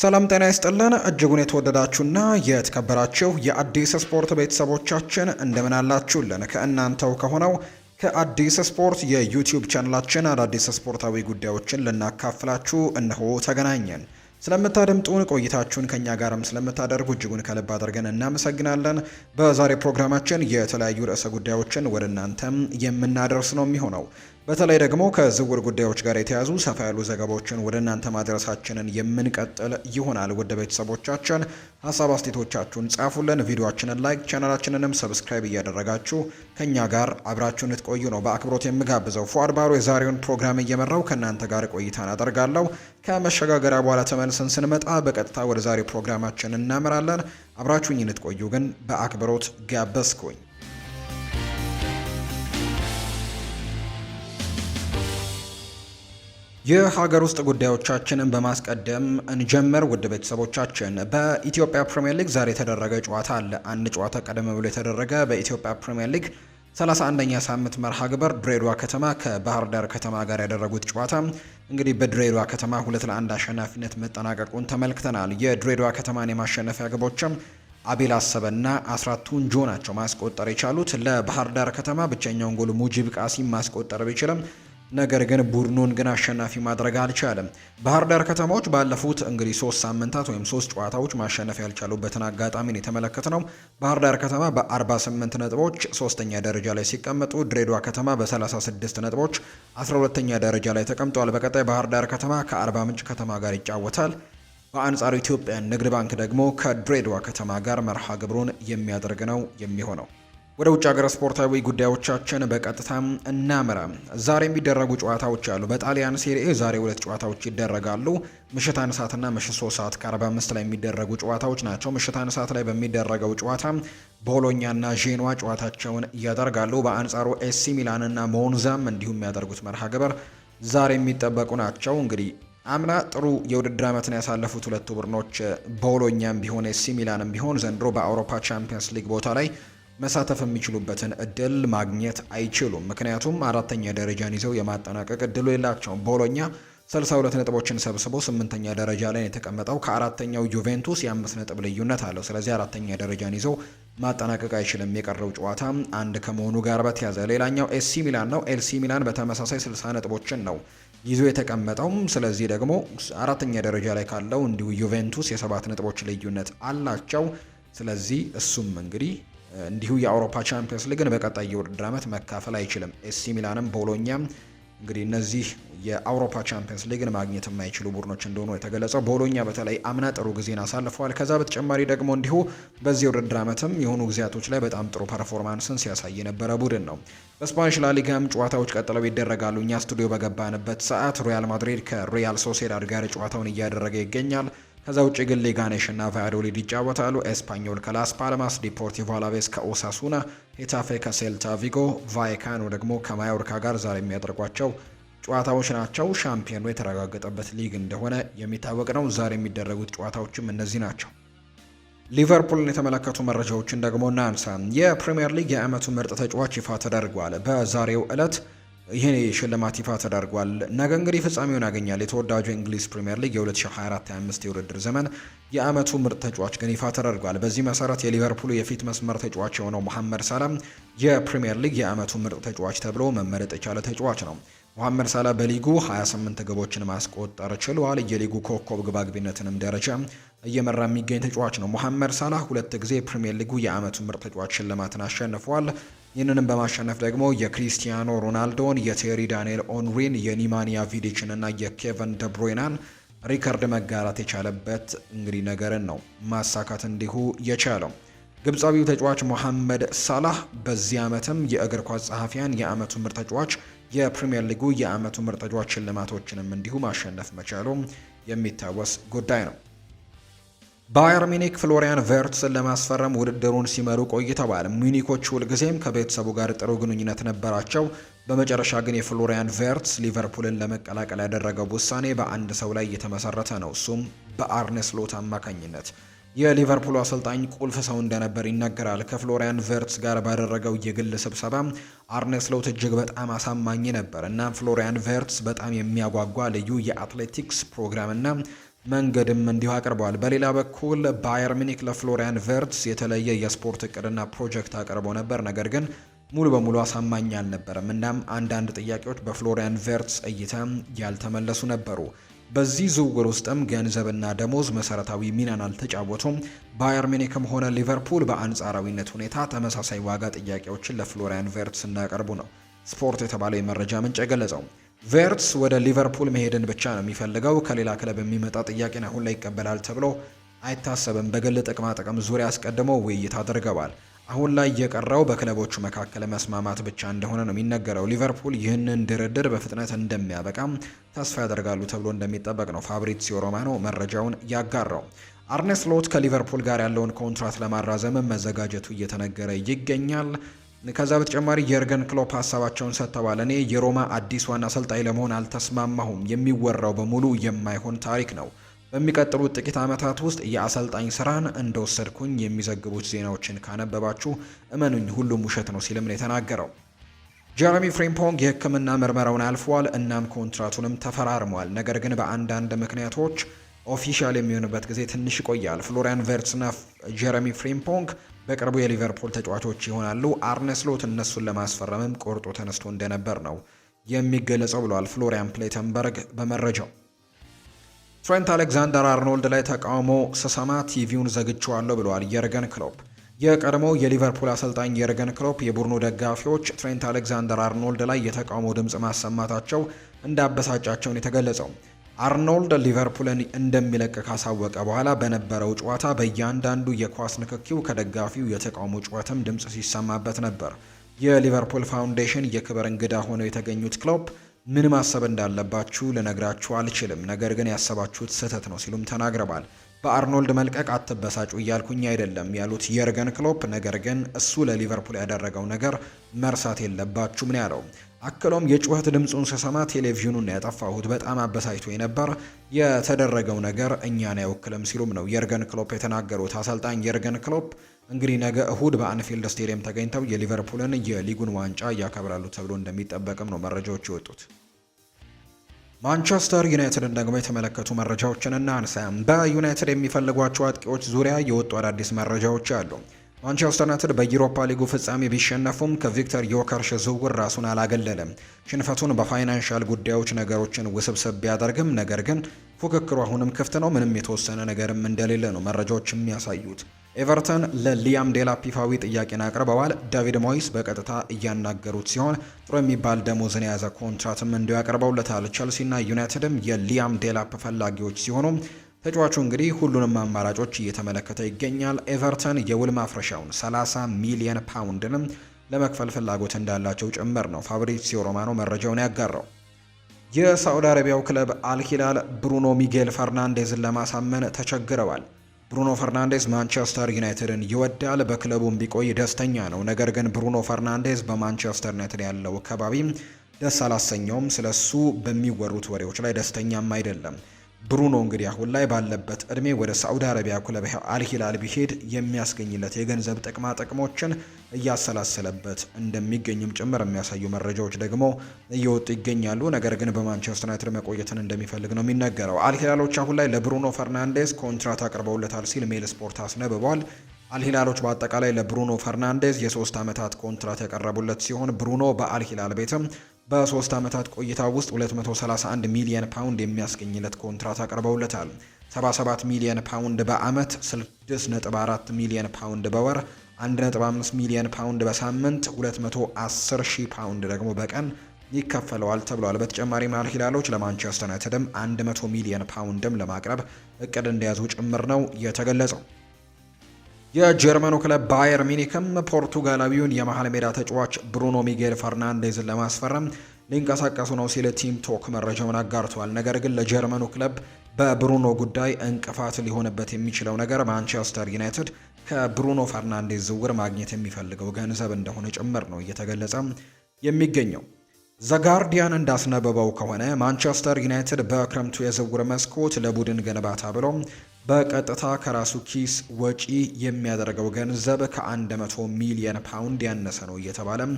ሰላም ጤና ይስጥልን እጅጉን የተወደዳችሁና የተከበራችሁ የአዲስ ስፖርት ቤተሰቦቻችን እንደምን አላችሁልን? ከእናንተው ከሆነው ከአዲስ ስፖርት የዩቲዩብ ቻናላችን አዳዲስ ስፖርታዊ ጉዳዮችን ልናካፍላችሁ እነሆ ተገናኘን። ስለምታደምጡን ቆይታችሁን ከኛ ጋርም ስለምታደርጉ እጅጉን ከልብ አድርገን እናመሰግናለን። በዛሬ ፕሮግራማችን የተለያዩ ርዕሰ ጉዳዮችን ወደ እናንተም የምናደርስ ነው የሚሆነው። በተለይ ደግሞ ከዝውውር ጉዳዮች ጋር የተያዙ ሰፋ ያሉ ዘገባዎችን ወደ እናንተ ማድረሳችንን የምንቀጥል ይሆናል። ውድ ቤተሰቦቻችን ሀሳብ አስቴቶቻችሁን ጻፉልን፣ ቪዲዮችንን ላይክ፣ ቻናላችንንም ሰብስክራይብ እያደረጋችሁ ከእኛ ጋር አብራችሁን ልትቆዩ ነው በአክብሮት የምጋብዘው። ፏድ ባሮ የዛሬውን ፕሮግራም እየመራው ከእናንተ ጋር ቆይታን አደርጋለሁ። ከመሸጋገሪያ በኋላ ተመልሰን ስንመጣ በቀጥታ ወደ ዛሬ ፕሮግራማችን እናመራለን። አብራችሁኝ ልትቆዩ ግን በአክብሮት ጋበዝኩኝ። የሀገር ውስጥ ጉዳዮቻችንን በማስቀደም እንጀምር። ውድ ቤተሰቦቻችን በኢትዮጵያ ፕሪምየር ሊግ ዛሬ የተደረገ ጨዋታ አለ። አንድ ጨዋታ ቀደም ብሎ የተደረገ በኢትዮጵያ ፕሪምየር ሊግ 31ኛ ሳምንት መርሃ ግበር ድሬዳዋ ከተማ ከባህር ዳር ከተማ ጋር ያደረጉት ጨዋታ እንግዲህ በድሬዳዋ ከተማ ሁለት ለአንድ አሸናፊነት መጠናቀቁን ተመልክተናል። የድሬዳዋ ከተማን የማሸነፊያ ግቦችም አቤል አሰበና አስራቱን ጆ ናቸው ማስቆጠር የቻሉት። ለባህር ዳር ከተማ ብቸኛውን ጎል ሙጂብ ቃሲም ማስቆጠር ቢችልም ነገር ግን ቡድኑን ግን አሸናፊ ማድረግ አልቻለም። ባህር ዳር ከተማዎች ባለፉት እንግዲህ ሶስት ሳምንታት ወይም ሶስት ጨዋታዎች ማሸነፍ ያልቻሉበትን አጋጣሚን የተመለከት ነው። ባህር ዳር ከተማ በ48 ነጥቦች ሶስተኛ ደረጃ ላይ ሲቀመጡ፣ ድሬዳዋ ከተማ በ36 ነጥቦች 12ተኛ ደረጃ ላይ ተቀምጧል። በቀጣይ ባህር ዳር ከተማ ከአርባ ምንጭ ከተማ ጋር ይጫወታል። በአንጻሩ ኢትዮጵያ ንግድ ባንክ ደግሞ ከድሬዳዋ ከተማ ጋር መርሃ ግብሩን የሚያደርግ ነው የሚሆነው። ወደ ውጭ ሀገር ስፖርታዊ ጉዳዮቻችን በቀጥታም እናምራ። ዛሬ የሚደረጉ ጨዋታዎች አሉ። በጣሊያን ሴሪኤ ዛሬ ሁለት ጨዋታዎች ይደረጋሉ። ምሽት አንድ ሰዓትና ምሽት ሶስት ሰዓት ከአርባ አምስት ላይ የሚደረጉ ጨዋታዎች ናቸው። ምሽት አንድ ሰዓት ላይ በሚደረገው ጨዋታ ቦሎኛና ዤኗ ጨዋታቸውን እያደርጋሉ። በአንጻሩ ኤሲ ሚላንና ሞንዛም እንዲሁም የሚያደርጉት መርሃ ግብር ዛሬ የሚጠበቁ ናቸው። እንግዲህ አምና ጥሩ የውድድር ዓመትን ያሳለፉት ሁለቱ ቡድኖች ቦሎኛም ቢሆን ኤሲ ሚላንም ቢሆን ዘንድሮ በአውሮፓ ቻምፒየንስ ሊግ ቦታ ላይ መሳተፍ የሚችሉበትን እድል ማግኘት አይችሉም። ምክንያቱም አራተኛ ደረጃን ይዘው የማጠናቀቅ እድሉ የላቸውም። ቦሎኛ 62 ነጥቦችን ሰብስቦ ስምንተኛ ደረጃ ላይ የተቀመጠው ከአራተኛው ዩቬንቱስ የአምስት ነጥብ ልዩነት አለው። ስለዚህ አራተኛ ደረጃን ይዘው ማጠናቀቅ አይችልም። የቀረው ጨዋታ አንድ ከመሆኑ ጋር በተያዘ ሌላኛው ኤሲ ሚላን ነው። ኤሲ ሚላን በተመሳሳይ 60 ነጥቦችን ነው ይዞ የተቀመጠውም ስለዚህ ደግሞ አራተኛ ደረጃ ላይ ካለው እንዲሁ ዩቬንቱስ የሰባት ነጥቦች ልዩነት አላቸው። ስለዚህ እሱም እንግዲህ እንዲሁ የአውሮፓ ቻምፒየንስ ሊግን በቀጣይ የውድድር ዓመት መካፈል አይችልም። ኤሲ ሚላንም ቦሎኛም እንግዲህ እነዚህ የአውሮፓ ቻምፒየንስ ሊግን ማግኘት የማይችሉ ቡድኖች እንደሆኑ የተገለጸው። ቦሎኛ በተለይ አምና ጥሩ ጊዜን አሳልፈዋል። ከዛ በተጨማሪ ደግሞ እንዲሁ በዚህ ውድድር ዓመትም የሆኑ ጊዜያቶች ላይ በጣም ጥሩ ፐርፎርማንስን ሲያሳይ የነበረ ቡድን ነው። በስፓኒሽ ላሊጋም ጨዋታዎች ቀጥለው ይደረጋሉ። እኛ ስቱዲዮ በገባንበት ሰዓት ሪያል ማድሪድ ከሪያል ሶሴዳድ ጋር ጨዋታውን እያደረገ ይገኛል። ከዛ ውጭ ግን ሌጋኔሽ እና ቫያዶሊድ ይጫወታሉ። ኤስፓኞል ከላስ ፓልማስ፣ ዲፖርቲቮ አላቬስ ከኦሳሱና፣ ሄታፌ ከሴልታ ቪጎ፣ ቫይካኖ ደግሞ ከማዮርካ ጋር ዛሬ የሚያደርጓቸው ጨዋታዎች ናቸው። ሻምፒዮኑ የተረጋገጠበት ሊግ እንደሆነ የሚታወቅ ነው። ዛሬ የሚደረጉት ጨዋታዎችም እነዚህ ናቸው። ሊቨርፑልን የተመለከቱ መረጃዎችን ደግሞ እናንሳ። የፕሪምየር ሊግ የዓመቱ ምርጥ ተጫዋች ይፋ ተደርጓል። በዛሬው ዕለት ይህ ሽልማት ይፋ ተደርጓል። ነገ እንግዲህ ፍጻሜውን ያገኛል። የተወዳጁ እንግሊዝ ፕሪምየር ሊግ የ2024/25 የውድድር ዘመን የአመቱ ምርጥ ተጫዋች ግን ይፋ ተደርጓል። በዚህ መሰረት የሊቨርፑሉ የፊት መስመር ተጫዋች የሆነው መሐመድ ሳላም የፕሪምየር ሊግ የአመቱ ምርጥ ተጫዋች ተብሎ መመረጥ የቻለ ተጫዋች ነው። መሐመድ ሳላ በሊጉ 28 ግቦችን ማስቆጠር ችሏል። የሊጉ ኮከብ ግባግቢነትንም ደረጃ እየመራ የሚገኝ ተጫዋች ነው። መሐመድ ሳላ ሁለት ጊዜ ፕሪምየር ሊጉ የአመቱ ምርጥ ተጫዋች ሽልማትን አሸንፏል። ይህንንም በማሸነፍ ደግሞ የክሪስቲያኖ ሮናልዶን፣ የቴሪ ዳንኤል ኦንሪን፣ የኒማኒያ ቪዲችን እና የኬቨን ደብሮይናን ሪከርድ መጋራት የቻለበት እንግዲህ ነገርን ነው ማሳካት እንዲሁ የቻለው። ግብፃዊው ተጫዋች ሞሐመድ ሳላህ በዚህ ዓመትም የእግር ኳስ ጸሐፊያን የአመቱ ምርጥ ተጫዋች፣ የፕሪምየር ሊጉ የአመቱ ምርጥ ተጫዋች ሽልማቶችንም እንዲሁ ማሸነፍ መቻሉ የሚታወስ ጉዳይ ነው። ባየር ሚኒክ ፍሎሪያን ቨርትስን ለማስፈረም ውድድሩን ሲመሩ ቆይተዋል። ሚኒኮች ሁልጊዜም ከቤተሰቡ ጋር ጥሩ ግንኙነት ነበራቸው። በመጨረሻ ግን የፍሎሪያን ቨርትስ ሊቨርፑልን ለመቀላቀል ያደረገው ውሳኔ በአንድ ሰው ላይ እየተመሰረተ ነው፣ እሱም በአርኔስ ሎት አማካኝነት። የሊቨርፑል አሰልጣኝ ቁልፍ ሰው እንደነበር ይነገራል። ከፍሎሪያን ቨርትስ ጋር ባደረገው የግል ስብሰባ አርነስ ሎት እጅግ በጣም አሳማኝ ነበር እና ፍሎሪያን ቨርትስ በጣም የሚያጓጓ ልዩ የአትሌቲክስ ፕሮግራምና መንገድም እንዲሁ አቅርበዋል። በሌላ በኩል ባየር ሚኒክ ለፍሎሪያን ቨርትስ የተለየ የስፖርት እቅድና ፕሮጀክት አቅርቦ ነበር፣ ነገር ግን ሙሉ በሙሉ አሳማኝ አልነበረም። እናም አንዳንድ ጥያቄዎች በፍሎሪያን ቨርትስ እይታ ያልተመለሱ ነበሩ። በዚህ ዝውውር ውስጥም ገንዘብና ደሞዝ መሰረታዊ ሚናን አልተጫወቱም። ባየር ሚኒክም ሆነ ሊቨርፑል በአንጻራዊነት ሁኔታ ተመሳሳይ ዋጋ ጥያቄዎችን ለፍሎሪያን ቨርትስ እንዳቀርቡ ነው ስፖርት የተባለው የመረጃ ምንጭ የገለጸው። ቬርትስ ወደ ሊቨርፑል መሄድን ብቻ ነው የሚፈልገው። ከሌላ ክለብ የሚመጣ ጥያቄን አሁን ላይ ይቀበላል ተብሎ አይታሰብም። በግል ጥቅማ ጥቅም ዙሪያ አስቀድሞ ውይይት አድርገዋል። አሁን ላይ የቀረው በክለቦቹ መካከል መስማማት ብቻ እንደሆነ ነው የሚነገረው። ሊቨርፑል ይህንን ድርድር በፍጥነት እንደሚያበቃም ተስፋ ያደርጋሉ ተብሎ እንደሚጠበቅ ነው ፋብሪዚዮ ሮማኖ መረጃውን ያጋራው። አርኔስ ሎት ከሊቨርፑል ጋር ያለውን ኮንትራት ለማራዘም መዘጋጀቱ እየተነገረ ይገኛል። ከዛ በተጨማሪ የርገን ክሎፕ ሀሳባቸውን ሰጥተዋል። እኔ የሮማ አዲስ ዋና አሰልጣኝ ለመሆን አልተስማማሁም። የሚወራው በሙሉ የማይሆን ታሪክ ነው። በሚቀጥሉት ጥቂት ዓመታት ውስጥ የአሰልጣኝ ስራን እንደወሰድኩኝ የሚዘግቡት ዜናዎችን ካነበባችሁ እመኑኝ፣ ሁሉም ውሸት ነው ሲልም ነው የተናገረው። ጀረሚ ፍሪምፖንግ የሕክምና ምርመራውን አልፏል። እናም ኮንትራቱንም ተፈራርሟል። ነገር ግን በአንዳንድ ምክንያቶች ኦፊሻል የሚሆንበት ጊዜ ትንሽ ይቆያል። ፍሎሪያን ቨርትስና ጀረሚ ፍሪምፖንግ በቅርቡ የሊቨርፑል ተጫዋቾች ይሆናሉ። አርነስሎት እነሱን ለማስፈረምም ቆርጦ ተነስቶ እንደነበር ነው የሚገለጸው ብለዋል ፍሎሪያን ፕሌተንበርግ በመረጃው። ትሬንት አሌክዛንደር አርኖልድ ላይ ተቃውሞ ስሰማ ቲቪውን ዘግቼዋለሁ ብለዋል የርገን ክሎፕ። የቀድሞው የሊቨርፑል አሰልጣኝ የርገን ክሎፕ የቡድኑ ደጋፊዎች ትሬንት አሌክዛንደር አርኖልድ ላይ የተቃውሞ ድምፅ ማሰማታቸው እንዳበሳጫቸውን የተገለጸው አርኖልድ ሊቨርፑልን እንደሚለቅ ካሳወቀ በኋላ በነበረው ጨዋታ በእያንዳንዱ የኳስ ንክኪው ከደጋፊው የተቃውሞ ጩኸትም ድምፅ ሲሰማበት ነበር። የሊቨርፑል ፋውንዴሽን የክብር እንግዳ ሆነው የተገኙት ክሎፕ ምን ማሰብ እንዳለባችሁ ልነግራችሁ አልችልም፣ ነገር ግን ያሰባችሁት ስህተት ነው ሲሉም ተናግረዋል። በአርኖልድ መልቀቅ አትበሳጩ እያልኩኝ አይደለም ያሉት የርገን ክሎፕ፣ ነገር ግን እሱ ለሊቨርፑል ያደረገው ነገር መርሳት የለባችሁም ነው ያለው። አክሎም የጩኸት ድምፁን ስሰማ ቴሌቪዥኑን ያጠፋሁት በጣም አበሳጭቶ የነበር የተደረገው ነገር እኛን አይወክልም ሲሉም ነው የርገን ክሎፕ የተናገሩት። አሰልጣኝ የርገን ክሎፕ እንግዲህ ነገ እሁድ በአንፊልድ ስቴዲየም ተገኝተው የሊቨርፑልን የሊጉን ዋንጫ እያከብራሉ ተብሎ እንደሚጠበቅም ነው መረጃዎች የወጡት። ማንቸስተር ዩናይትድን ደግሞ የተመለከቱ መረጃዎችን እናንሳ። በዩናይትድ የሚፈልጓቸው አጥቂዎች ዙሪያ የወጡ አዳዲስ መረጃዎች አሉ። ማንቸስተር ዩናይትድ በዩሮፓ ሊጉ ፍጻሜ ቢሸነፉም ከቪክተር ዮከርሽ ዝውውር ራሱን አላገለለም። ሽንፈቱን በፋይናንሻል ጉዳዮች ነገሮችን ውስብስብ ቢያደርግም ነገር ግን ፉክክሩ አሁንም ክፍት ነው። ምንም የተወሰነ ነገርም እንደሌለ ነው መረጃዎች የሚያሳዩት። ኤቨርተን ለሊያም ዴላፕ ይፋዊ ጥያቄን አቅርበዋል። ዳቪድ ሞይስ በቀጥታ እያናገሩት ሲሆን ጥሩ የሚባል ደሞዝን የያዘ ኮንትራትም እንዲያቀርበውለታል። ቸልሲና ዩናይትድም የሊያም ዴላፕ ፈላጊዎች ሲሆኑ ተጫዋቹ እንግዲህ ሁሉንም አማራጮች እየተመለከተ ይገኛል። ኤቨርተን የውል ማፍረሻውን 30 ሚሊየን ፓውንድንም ለመክፈል ፍላጎት እንዳላቸው ጭምር ነው ፋብሪሲዮ ሮማኖ መረጃውን ያጋራው። የሳዑዲ አረቢያው ክለብ አልሂላል ብሩኖ ሚጌል ፈርናንዴዝን ለማሳመን ተቸግረዋል። ብሩኖ ፈርናንዴዝ ማንቸስተር ዩናይትድን ይወዳል፣ በክለቡም ቢቆይ ደስተኛ ነው። ነገር ግን ብሩኖ ፈርናንዴዝ በማንቸስተር ዩናይትድ ያለው ከባቢ ደስ አላሰኘውም። ስለሱ በሚወሩት ወሬዎች ላይ ደስተኛም አይደለም። ብሩኖ እንግዲህ አሁን ላይ ባለበት እድሜ ወደ ሳዑዲ አረቢያ ክለብ አልሂላል ቢሄድ የሚያስገኝለት የገንዘብ ጥቅማ ጥቅሞችን እያሰላሰለበት እንደሚገኝም ጭምር የሚያሳዩ መረጃዎች ደግሞ እየወጡ ይገኛሉ። ነገር ግን በማንቸስተር ዩናይትድ መቆየትን እንደሚፈልግ ነው የሚነገረው። አልሂላሎች አሁን ላይ ለብሩኖ ፈርናንዴዝ ኮንትራት አቅርበውለታል ሲል ሜል ስፖርት አስነብቧል። አልሂላሎች በአጠቃላይ ለብሩኖ ፈርናንዴዝ የሶስት ዓመታት ኮንትራት ያቀረቡለት ሲሆን ብሩኖ በአልሂላል ቤትም በሶስት ዓመታት ቆይታ ውስጥ 231 ሚሊየን ፓውንድ የሚያስገኝለት ኮንትራት አቅርበውለታል። 77 ሚሊየን ፓውንድ በአመት፣ 6.4 ሚሊየን ፓውንድ በወር፣ 1.5 ሚሊየን ፓውንድ በሳምንት፣ 210 ሺህ ፓውንድ ደግሞ በቀን ይከፈለዋል ተብሏል። በተጨማሪም አልሂላሎች ለማንቸስተር ዩናይትድም 100 ሚሊየን ፓውንድም ለማቅረብ እቅድ እንደያዙ ጭምር ነው የተገለጸው። የጀርመኑ ክለብ ባየር ሚኒክም ፖርቱጋላዊውን የመሀል ሜዳ ተጫዋች ብሩኖ ሚጌል ፈርናንዴዝን ለማስፈረም ሊንቀሳቀሱ ነው ሲል ቲም ቶክ መረጃውን አጋርተዋል። ነገር ግን ለጀርመኑ ክለብ በብሩኖ ጉዳይ እንቅፋት ሊሆንበት የሚችለው ነገር ማንቸስተር ዩናይትድ ከብሩኖ ፈርናንዴዝ ዝውውር ማግኘት የሚፈልገው ገንዘብ እንደሆነ ጭምር ነው እየተገለጸ የሚገኘው። ዘጋርዲያን እንዳስነበበው ከሆነ ማንቸስተር ዩናይትድ በክረምቱ የዝውውር መስኮት ለቡድን ግንባታ ብሎ በቀጥታ ከራሱ ኪስ ወጪ የሚያደርገው ገንዘብ ከ100 ሚሊየን ፓውንድ ያነሰ ነው እየተባለም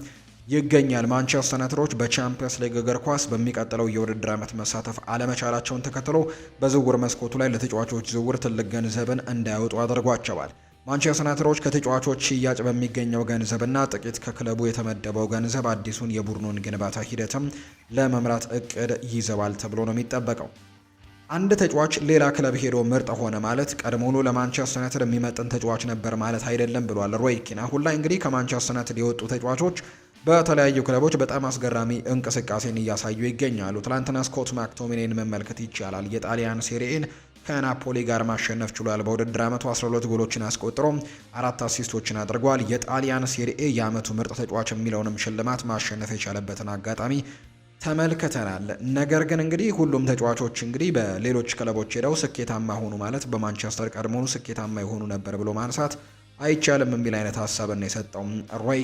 ይገኛል። ማንቸስተር ዩናይትዶች በቻምፒየንስ ሊግ እግር ኳስ በሚቀጥለው የውድድር ዓመት መሳተፍ አለመቻላቸውን ተከትሎ በዝውውር መስኮቱ ላይ ለተጫዋቾች ዝውውር ትልቅ ገንዘብን እንዳያወጡ አድርጓቸዋል። ማንቸስተር ዩናይትዶች ከተጫዋቾች ሽያጭ በሚገኘው ገንዘብና ጥቂት ከክለቡ የተመደበው ገንዘብ አዲሱን የቡድኑን ግንባታ ሂደትም ለመምራት እቅድ ይዘዋል ተብሎ ነው የሚጠበቀው። አንድ ተጫዋች ሌላ ክለብ ሄዶ ምርጥ ሆነ ማለት ቀድሞውኑ ለማንቸስተር ዩናይትድ የሚመጥን ተጫዋች ነበር ማለት አይደለም ብሏል ሮይ ኪን። አሁን ላይ እንግዲህ ከማንቸስተር ዩናይትድ የወጡ ተጫዋቾች በተለያዩ ክለቦች በጣም አስገራሚ እንቅስቃሴን እያሳዩ ይገኛሉ። ትላንትና ስኮት ማክቶሚኔን መመልከት ይቻላል። የጣሊያን ሴሪኤን ከናፖሊ ጋር ማሸነፍ ችሏል። በውድድር ዓመቱ 12 ጎሎችን አስቆጥሮ አራት አሲስቶችን አድርጓል። የጣሊያን ሴሪኤ የዓመቱ ምርጥ ተጫዋች የሚለውንም ሽልማት ማሸነፍ የቻለበትን አጋጣሚ ተመልክተናል። ነገር ግን እንግዲህ ሁሉም ተጫዋቾች እንግዲህ በሌሎች ክለቦች ሄደው ስኬታማ ሆኑ ማለት በማንቸስተር ቀድሞኑ ስኬታማ የሆኑ ነበር ብሎ ማንሳት አይቻልም የሚል አይነት ሀሳብን የሰጠው ሮይ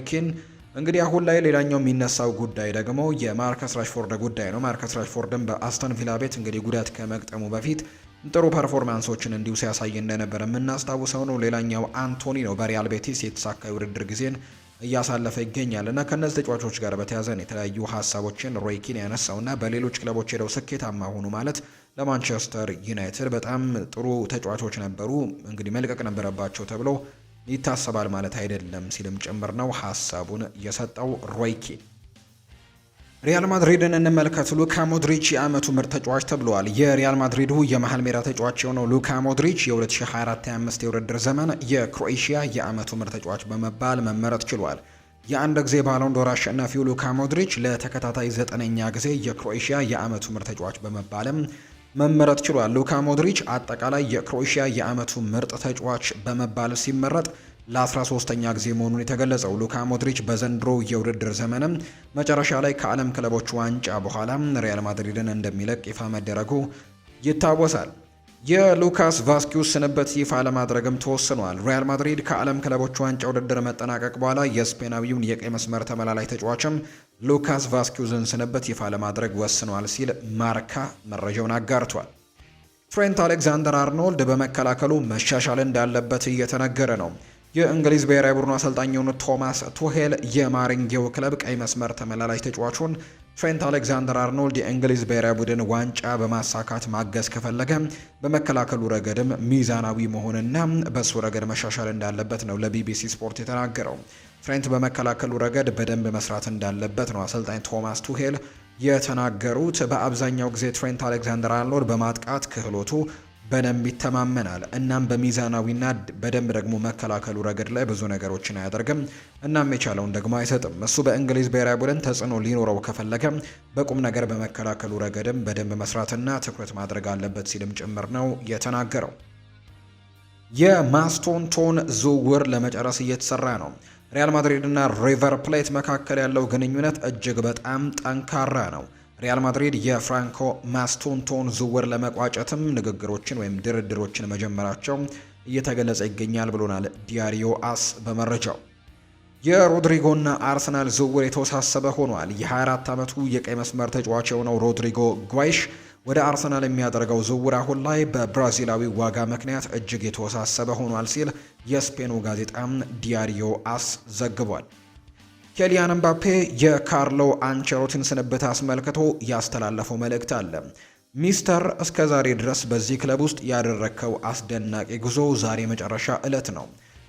እንግዲህ አሁን ላይ ሌላኛው የሚነሳው ጉዳይ ደግሞ የማርከስ ራሽፎርድ ጉዳይ ነው። ማርከስ ራሽፎርድን በአስተን ቪላ ቤት እንግዲህ ጉዳት ከመግጠሙ በፊት ጥሩ ፐርፎርማንሶችን እንዲሁ ሲያሳይ እንደነበር የምናስታውሰው ነው። ሌላኛው አንቶኒ ነው። በሪያል ቤቲስ የተሳካ ውድድር ጊዜን እያሳለፈ ይገኛል እና ከነዚህ ተጫዋቾች ጋር በተያያዘ የተለያዩ ሀሳቦችን ሮይኪን ያነሳው እና በሌሎች ክለቦች ሄደው ስኬታማ ሆኑ ማለት ለማንቸስተር ዩናይትድ በጣም ጥሩ ተጫዋቾች ነበሩ፣ እንግዲህ መልቀቅ ነበረባቸው ተብሎ ይታሰባል ማለት አይደለም ሲልም ጭምር ነው ሀሳቡን የሰጠው ሮይኪን ሪያል ማድሪድን እንመልከት። ሉካ ሞድሪች የአመቱ ምርጥ ተጫዋች ተብለዋል። የሪያል ማድሪዱ የመሀል ሜዳ ተጫዋች የሆነው ሉካ ሞድሪች የ2024/25 የውድድር ዘመን የክሮኤሽያ የአመቱ ምርጥ ተጫዋች በመባል መመረጥ ችሏል። የአንድ ጊዜ ባሎን ዶር አሸናፊው ሉካ ሞድሪች ለተከታታይ ዘጠነኛ ጊዜ የክሮኤሽያ የአመቱ ምርጥ ተጫዋች በመባልም መመረጥ ችሏል። ሉካ ሞድሪች አጠቃላይ የክሮኤሽያ የአመቱ ምርጥ ተጫዋች በመባል ሲመረጥ ለ13ኛ ጊዜ መሆኑን የተገለጸው ሉካ ሞድሪች በዘንድሮ የውድድር ዘመንም መጨረሻ ላይ ከዓለም ክለቦች ዋንጫ በኋላ ሪያል ማድሪድን እንደሚለቅ ይፋ መደረጉ ይታወሳል። የሉካስ ቫስኪዩስ ስንበት ይፋ ለማድረግም ተወስኗል። ሪያል ማድሪድ ከዓለም ክለቦች ዋንጫ ውድድር መጠናቀቅ በኋላ የስፔናዊውን የቀይ መስመር ተመላላይ ተጫዋችም ሉካስ ቫስኪዩዝን ስንበት ይፋ ለማድረግ ወስኗል ሲል ማርካ መረጃውን አጋርቷል። ትሬንት አሌክዛንደር አርኖልድ በመከላከሉ መሻሻል እንዳለበት እየተነገረ ነው። የእንግሊዝ ብሔራዊ ቡድኑ አሰልጣኝ የሆኑት ቶማስ ቱሄል የማሪንጌው ክለብ ቀይ መስመር ተመላላሽ ተጫዋቹን ትሬንት አሌክዛንደር አርኖልድ የእንግሊዝ ብሔራዊ ቡድን ዋንጫ በማሳካት ማገዝ ከፈለገ በመከላከሉ ረገድም ሚዛናዊ መሆንና በእሱ ረገድ መሻሻል እንዳለበት ነው ለቢቢሲ ስፖርት የተናገረው። ትሬንት በመከላከሉ ረገድ በደንብ መስራት እንዳለበት ነው አሰልጣኝ ቶማስ ቱሄል የተናገሩት። በአብዛኛው ጊዜ ትሬንት አሌክዛንደር አርኖልድ በማጥቃት ክህሎቱ በደንብ ይተማመናል። እናም በሚዛናዊና በደንብ ደግሞ መከላከሉ ረገድ ላይ ብዙ ነገሮችን አያደርግም። እናም የቻለውን ደግሞ አይሰጥም። እሱ በእንግሊዝ ብሔራዊ ቡድን ተጽዕኖ ሊኖረው ከፈለገ በቁም ነገር በመከላከሉ ረገድም በደንብ መስራትና ትኩረት ማድረግ አለበት ሲልም ጭምር ነው የተናገረው። የማስቶንቶን ዝውውር ለመጨረስ እየተሰራ ነው። ሪያል ማድሪድ እና ሪቨር ፕሌት መካከል ያለው ግንኙነት እጅግ በጣም ጠንካራ ነው። ሪያል ማድሪድ የፍራንኮ ማስቶንቶን ዝውውር ለመቋጨትም ንግግሮችን ወይም ድርድሮችን መጀመራቸው እየተገለጸ ይገኛል ብሎናል ዲያሪዮ አስ በመረጃው። የሮድሪጎና አርሰናል ዝውውር የተወሳሰበ ሆኗል። የ24 ዓመቱ የቀይ መስመር ተጫዋች የሆነው ሮድሪጎ ጓይሽ ወደ አርሰናል የሚያደርገው ዝውውር አሁን ላይ በብራዚላዊ ዋጋ ምክንያት እጅግ የተወሳሰበ ሆኗል ሲል የስፔኑ ጋዜጣም ዲያሪዮ አስ ዘግቧል። ኬሊያን ምባፔ የካርሎ አንቸሎቲን ስንብት አስመልክቶ ያስተላለፈው መልእክት አለ። ሚስተር እስከ ዛሬ ድረስ በዚህ ክለብ ውስጥ ያደረግከው አስደናቂ ጉዞ ዛሬ መጨረሻ ዕለት ነው።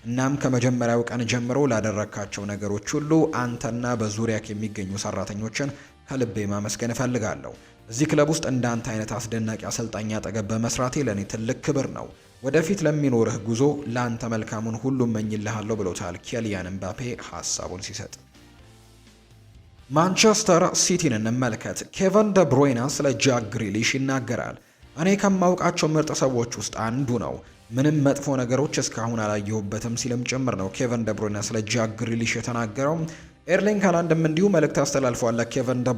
እናም ከመጀመሪያው ቀን ጀምሮ ላደረግካቸው ነገሮች ሁሉ አንተና በዙሪያክ የሚገኙ ሰራተኞችን ከልቤ ማመስገን እፈልጋለሁ። እዚህ ክለብ ውስጥ እንደ አንተ አይነት አስደናቂ አሰልጣኝ አጠገብ በመስራቴ ለእኔ ትልቅ ክብር ነው። ወደፊት ለሚኖርህ ጉዞ ለአንተ መልካሙን ሁሉ እመኝልሃለሁ ብሎታል ኬሊያን ምባፔ ሀሳቡን ሲሰጥ ማንቸስተር ሲቲን እንመልከት። ኬቨን ደ ብሮይና ስለ ጃክ ግሪሊሽ ይናገራል። እኔ ከማውቃቸው ምርጥ ሰዎች ውስጥ አንዱ ነው። ምንም መጥፎ ነገሮች እስካሁን አላየሁበትም ሲልም ጭምር ነው ኬቨን ደ ስለ ጃክ ግሪሊሽ የተናገረው። ኤርሊንግ ሃላንድም እንዲሁ መልእክት አስተላልፏል ለኬቨን ደ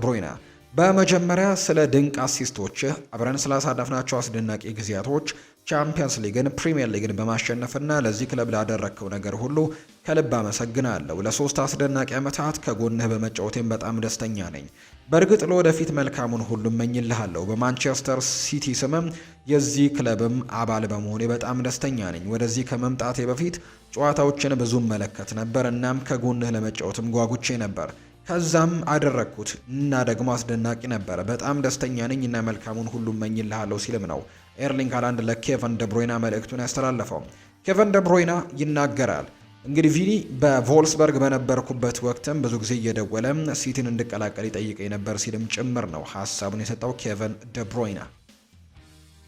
በመጀመሪያ ስለ ድንቅ አሲስቶችህ አብረን ስላሳለፍናቸው አስደናቂ ጊዜያቶች ቻምፒየንስ ሊግን፣ ፕሪምየር ሊግን በማሸነፍና ለዚህ ክለብ ላደረግከው ነገር ሁሉ ከልብ አመሰግናለሁ። ለሶስት አስደናቂ ዓመታት ከጎንህ በመጫወቴም በጣም ደስተኛ ነኝ። በእርግጥ ለወደፊት መልካሙን ሁሉ እመኝልሃለሁ። በማንቸስተር ሲቲ ስምም የዚህ ክለብም አባል በመሆኔ በጣም ደስተኛ ነኝ። ወደዚህ ከመምጣቴ በፊት ጨዋታዎችን ብዙ መለከት ነበር። እናም ከጎንህ ለመጫወትም ጓጉቼ ነበር። ከዛም አደረግኩት እና ደግሞ አስደናቂ ነበረ። በጣም ደስተኛ ነኝ እና መልካሙን ሁሉ እመኝልሃለሁ ሲልም ነው ኤርሊንግ ሃላንድ ለኬቨን ደብሮይና መልእክቱን ያስተላለፈው። ኬቨን ደብሮይና ይናገራል እንግዲህ ቪኒ በቮልስበርግ በነበርኩበት ወቅትም ብዙ ጊዜ እየደወለ ሲቲን እንድቀላቀል ይጠይቀኝ ነበር ሲልም ጭምር ነው ሀሳቡን የሰጠው ኬቨን ደብሮይና።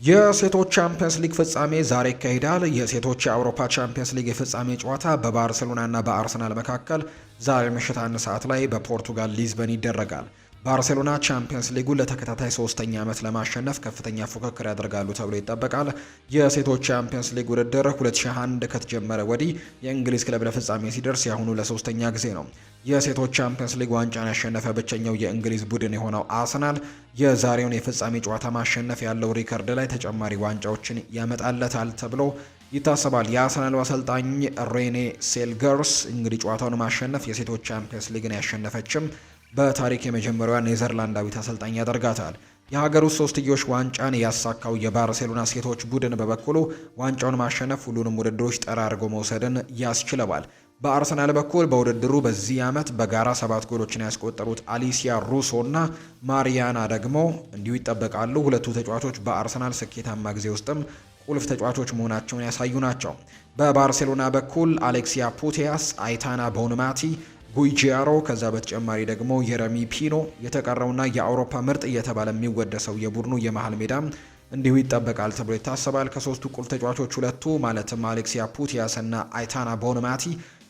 የሴቶች ቻምፒየንስ ሊግ ፍጻሜ ዛሬ ይካሄዳል። የሴቶች የአውሮፓ ቻምፒየንስ ሊግ የፍጻሜ ጨዋታ በባርሴሎናና በአርሰናል መካከል ዛሬ ምሽት አንድ ሰዓት ላይ በፖርቱጋል ሊዝበን ይደረጋል። ባርሴሎና ቻምፒየንስ ሊጉን ለተከታታይ ሶስተኛ ዓመት ለማሸነፍ ከፍተኛ ፉክክር ያደርጋሉ ተብሎ ይጠበቃል። የሴቶች ቻምፒየንስ ሊግ ውድድር 2001 ከተጀመረ ወዲህ የእንግሊዝ ክለብ ለፍጻሜ ሲደርስ የአሁኑ ለሶስተኛ ጊዜ ነው። የሴቶች ቻምፒየንስ ሊግ ዋንጫን ያሸነፈ ብቸኛው የእንግሊዝ ቡድን የሆነው አርሰናል የዛሬውን የፍጻሜ ጨዋታ ማሸነፍ ያለው ሪከርድ ላይ ተጨማሪ ዋንጫዎችን ያመጣለታል ተብሎ ይታሰባል። የአርሰናል አሰልጣኝ ሬኔ ሴልገርስ እንግዲህ ጨዋታውን ማሸነፍ የሴቶች ቻምፒየንስ ሊግን ያሸነፈችም በታሪክ የመጀመሪያ ኔዘርላንዳዊት አሰልጣኝ ያደርጋታል። የሀገር ውስጥ ሶስትዮሽ ዋንጫን ያሳካው የባርሴሎና ሴቶች ቡድን በበኩሉ ዋንጫውን ማሸነፍ ሁሉንም ውድድሮች ጠራርጎ መውሰድን ያስችለዋል። በአርሰናል በኩል በውድድሩ በዚህ ዓመት በጋራ ሰባት ጎሎችን ያስቆጠሩት አሊሲያ ሩሶና ማሪያና ደግሞ እንዲሁ ይጠበቃሉ። ሁለቱ ተጫዋቾች በአርሰናል ስኬታማ ጊዜ ውስጥም ቁልፍ ተጫዋቾች መሆናቸውን ያሳዩ ናቸው። በባርሴሎና በኩል አሌክሲያ ፑቴያስ፣ አይታና ቦንማቲ ጉይጂያሮ ከዛ በተጨማሪ ደግሞ የረሚ ፒኖ የተቀረውና የአውሮፓ ምርጥ እየተባለ የሚወደሰው የቡድኑ የመሀል ሜዳ እንዲሁ ይጠበቃል ተብሎ ይታሰባል። ከሶስቱ ቁልፍ ተጫዋቾች ሁለቱ ማለትም አሌክሲያ ፑቲያስና አይታና ቦንማቲ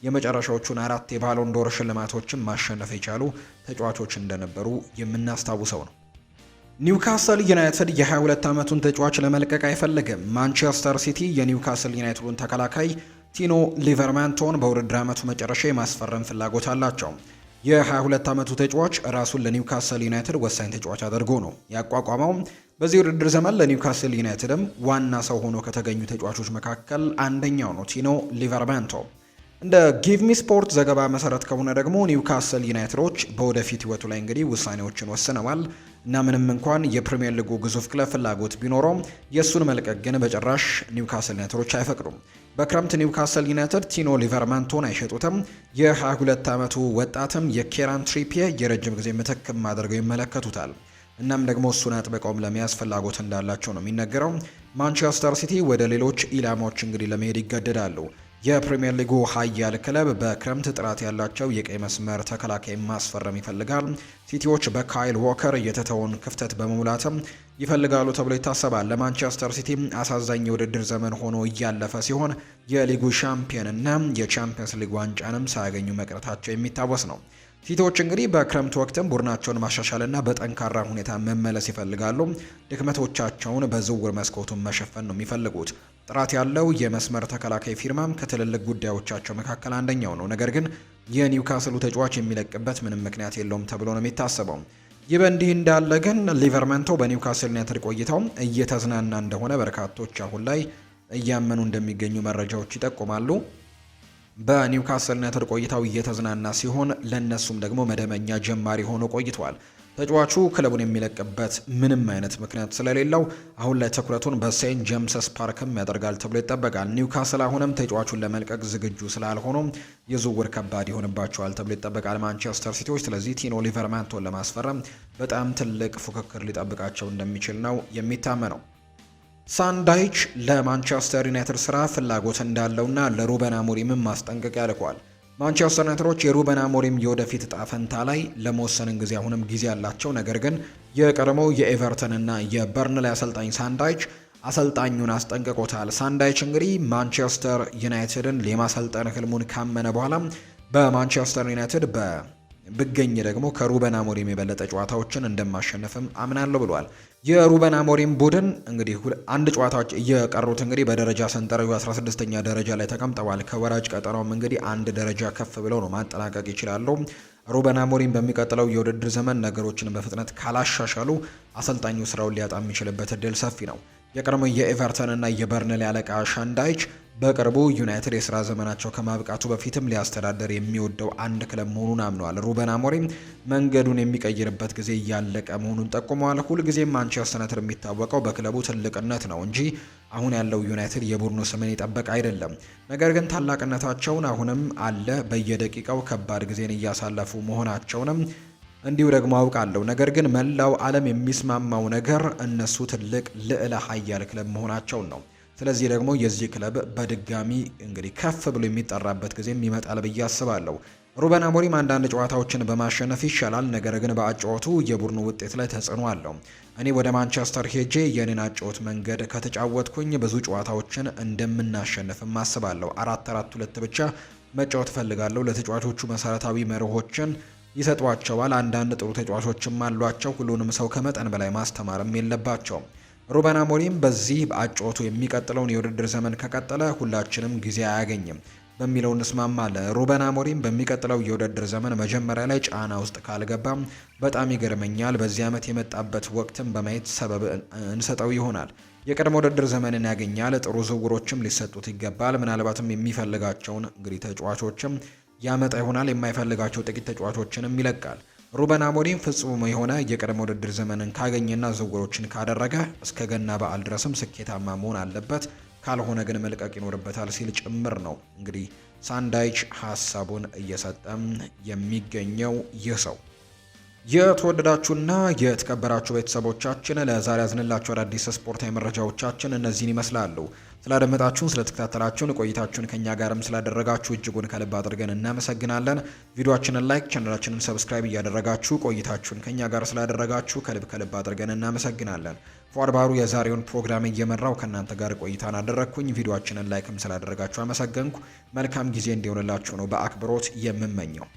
የመጨረሻዎቹን አራት የባሎን ዶር ሽልማቶችን ማሸነፍ የቻሉ ተጫዋቾች እንደነበሩ የምናስታውሰው ነው። ኒውካስል ዩናይትድ የ22 ዓመቱን ተጫዋች ለመልቀቅ አይፈልግም። ማንቸስተር ሲቲ የኒውካስል ዩናይትዱን ተከላካይ ቲኖ ሊቨርማንቶን በውድድር ዓመቱ መጨረሻ የማስፈረም ፍላጎት አላቸው። የ22 ዓመቱ ተጫዋች ራሱን ለኒውካስል ዩናይትድ ወሳኝ ተጫዋች አድርጎ ነው ያቋቋመው። በዚህ ውድድር ዘመን ለኒውካስል ዩናይትድም ዋና ሰው ሆኖ ከተገኙ ተጫዋቾች መካከል አንደኛው ነው ቲኖ ሊቨርማንቶ። እንደ ጊቭሚ ስፖርት ዘገባ መሰረት ከሆነ ደግሞ ኒውካስል ዩናይትዶች በወደፊት ህይወቱ ላይ እንግዲህ ውሳኔዎችን ወስነዋል። እና ምንም እንኳን የፕሪምየር ሊጉ ግዙፍ ክለብ ፍላጎት ቢኖረውም የእሱን መልቀቅ ግን በጭራሽ ኒውካስል ዩናይትዶች አይፈቅዱም። በክረምት ኒውካስል ዩናይትድ ቲኖ ሊቨርማንቶን አይሸጡትም። የ22 ዓመቱ ወጣትም የኬራን ትሪፒ የረጅም ጊዜ ምትክም አድርገው ይመለከቱታል። እናም ደግሞ እሱን አጥብቀውም ለመያዝ ፍላጎት እንዳላቸው ነው የሚነገረው። ማንቸስተር ሲቲ ወደ ሌሎች ኢላማዎች እንግዲህ ለመሄድ ይገደዳሉ። የፕሪምየር ሊጉ ኃያል ክለብ በክረምት ጥራት ያላቸው የቀይ መስመር ተከላካይ ማስፈረም ይፈልጋል። ሲቲዎች በካይል ዎከር የተተውን ክፍተት በመሙላትም ይፈልጋሉ ተብሎ ይታሰባል። ለማንቸስተር ሲቲ አሳዛኝ የውድድር ዘመን ሆኖ እያለፈ ሲሆን የሊጉ ሻምፒዮንና የቻምፒየንስ ሊግ ዋንጫንም ሳያገኙ መቅረታቸው የሚታወስ ነው። ሂቶች እንግዲህ በክረምት ወቅትም ቡድናቸውን ማሻሻልና በጠንካራ ሁኔታ መመለስ ይፈልጋሉ። ድክመቶቻቸውን በዝውውር መስኮቱን መሸፈን ነው የሚፈልጉት። ጥራት ያለው የመስመር ተከላካይ ፊርማም ከትልልቅ ጉዳዮቻቸው መካከል አንደኛው ነው። ነገር ግን የኒውካስሉ ተጫዋች የሚለቅበት ምንም ምክንያት የለውም ተብሎ ነው የሚታሰበው። ይህ በእንዲህ እንዳለ ግን ሊቨርመንቶ በኒውካስል ዩናይትድ ቆይታው እየተዝናና እንደሆነ በርካቶች አሁን ላይ እያመኑ እንደሚገኙ መረጃዎች ይጠቁማሉ። በኒውካስል ዩናይትድ ቆይታው እየተዝናና ሲሆን ለእነሱም ደግሞ መደበኛ ጀማሪ ሆኖ ቆይቷል። ተጫዋቹ ክለቡን የሚለቅበት ምንም አይነት ምክንያት ስለሌለው አሁን ላይ ትኩረቱን በሴንት ጀምሰስ ፓርክም ያደርጋል ተብሎ ይጠበቃል። ኒውካስል አሁንም ተጫዋቹን ለመልቀቅ ዝግጁ ስላልሆኑም የዝውውር ከባድ ይሆንባቸዋል ተብሎ ይጠበቃል ማንቸስተር ሲቲዎች። ስለዚህ ቲኖ ሊቨርማንቶን ለማስፈረም በጣም ትልቅ ፉክክር ሊጠብቃቸው እንደሚችል ነው የሚታመነው። ሳንዳይች ለማንቸስተር ዩናይትድ ስራ ፍላጎት እንዳለውና ለሩበን አሞሪምም ማስጠንቀቂያ ልኳል። ማንቸስተር ዩናይትዶች የሩበን አሞሪም የወደፊት እጣ ፈንታ ላይ ለመወሰን ጊዜ አሁንም ጊዜ ያላቸው፣ ነገር ግን የቀድሞው የኤቨርተንና የበርንሊ አሰልጣኝ ሳንዳይች አሰልጣኙን አስጠንቅቆታል። ሳንዳይች እንግዲህ ማንቸስተር ዩናይትድን የማሰልጠን ህልሙን ካመነ በኋላ በማንቸስተር ዩናይትድ በ ብገኝ ደግሞ ከሩበን አሞሪም የበለጠ ጨዋታዎችን እንደማሸነፍም አምናለሁ ብሏል። የሩበን አሞሪም ቡድን እንግዲህ አንድ ጨዋታዎች እየቀሩት እንግዲህ በደረጃ ሰንጠረዡ 16ኛ ደረጃ ላይ ተቀምጠዋል። ከወራጅ ቀጠናውም እንግዲህ አንድ ደረጃ ከፍ ብለው ነው ማጠናቀቅ ይችላሉ። ሩበን አሞሪም በሚቀጥለው የውድድር ዘመን ነገሮችን በፍጥነት ካላሻሻሉ አሰልጣኙ ስራውን ሊያጣ የሚችልበት እድል ሰፊ ነው። የቀድሞ የኤቨርተን እና የበርንሊ አለቃ ሻንዳይች በቅርቡ ዩናይትድ የስራ ዘመናቸው ከማብቃቱ በፊትም ሊያስተዳደር የሚወደው አንድ ክለብ መሆኑን አምነዋል። ሩበን አሞሪም መንገዱን የሚቀይርበት ጊዜ እያለቀ መሆኑን ጠቁመዋል። ሁልጊዜም ማንቸስተር ዩናይትድ የሚታወቀው በክለቡ ትልቅነት ነው እንጂ አሁን ያለው ዩናይትድ የቡድኑ ስምን የጠበቀ አይደለም። ነገር ግን ታላቅነታቸውን አሁንም አለ። በየደቂቃው ከባድ ጊዜን እያሳለፉ መሆናቸውንም እንዲሁ ደግሞ አውቃለሁ። ነገር ግን መላው ዓለም የሚስማማው ነገር እነሱ ትልቅ ልዕለ ሀያል ክለብ መሆናቸውን ነው። ስለዚህ ደግሞ የዚህ ክለብ በድጋሚ እንግዲህ ከፍ ብሎ የሚጠራበት ጊዜም ይመጣል ብዬ አስባለሁ። ሩበን አሞሪም አንዳንድ ጨዋታዎችን በማሸነፍ ይሻላል፣ ነገር ግን በአጨዋወቱ የቡድኑ ውጤት ላይ ተጽዕኖ አለው። እኔ ወደ ማንቸስተር ሄጄ የኔን አጨዋወት መንገድ ከተጫወትኩኝ ብዙ ጨዋታዎችን እንደምናሸንፍም አስባለሁ። አራት አራት ሁለት ብቻ መጫወት ፈልጋለሁ። ለተጫዋቾቹ መሰረታዊ መርሆችን ይሰጧቸዋል። አንዳንድ ጥሩ ተጫዋቾችም አሏቸው። ሁሉንም ሰው ከመጠን በላይ ማስተማርም የለባቸውም። ሩበን አሞሪም በዚህ በአጨዋወቱ የሚቀጥለውን የውድድር ዘመን ከቀጠለ ሁላችንም ጊዜ አያገኝም በሚለው እንስማማለን። ሩበን አሞሪም በሚቀጥለው የውድድር ዘመን መጀመሪያ ላይ ጫና ውስጥ ካልገባም በጣም ይገርመኛል። በዚህ ዓመት የመጣበት ወቅትም በማየት ሰበብ እንሰጠው ይሆናል። የቀድሞ ውድድር ዘመንን ያገኛል። ጥሩ ዝውውሮችም ሊሰጡት ይገባል። ምናልባትም የሚፈልጋቸውን እንግዲህ ተጫዋቾችም ያመጣ ይሆናል። የማይፈልጋቸው ጥቂት ተጫዋቾችንም ይለቃል። ሩበን አሞሪም ፍጹም የሆነ የቅድመ ውድድር ዘመንን ካገኘና ዝውውሮችን ካደረገ እስከ ገና በዓል ድረስም ስኬታማ መሆን አለበት፣ ካልሆነ ግን መልቀቅ ይኖርበታል ሲል ጭምር ነው እንግዲህ ሳንዳይች ሀሳቡን እየሰጠም የሚገኘው ይህ ሰው የተወደዳችሁና የተከበራችሁ ቤተሰቦቻችን ለዛሬ ያዝንላችሁ አዳዲስ ስፖርታዊ መረጃዎቻችን እነዚህን ይመስላሉ። ስላደመጣችሁን፣ ስለተከታተላችሁን፣ ቆይታችሁን ከእኛ ጋርም ስላደረጋችሁ እጅጉን ከልብ አድርገን እናመሰግናለን። ቪዲዮችንን ላይክ፣ ቻናላችንን ሰብስክራይብ እያደረጋችሁ ቆይታችሁን ከእኛ ጋር ስላደረጋችሁ ከልብ ከልብ አድርገን እናመሰግናለን። ፏድ ባሩ የዛሬውን ፕሮግራም እየመራው ከእናንተ ጋር ቆይታን አደረግኩኝ። ቪዲዮችንን ላይክም ስላደረጋችሁ አመሰገንኩ። መልካም ጊዜ እንዲሆንላችሁ ነው በአክብሮት የምመኘው።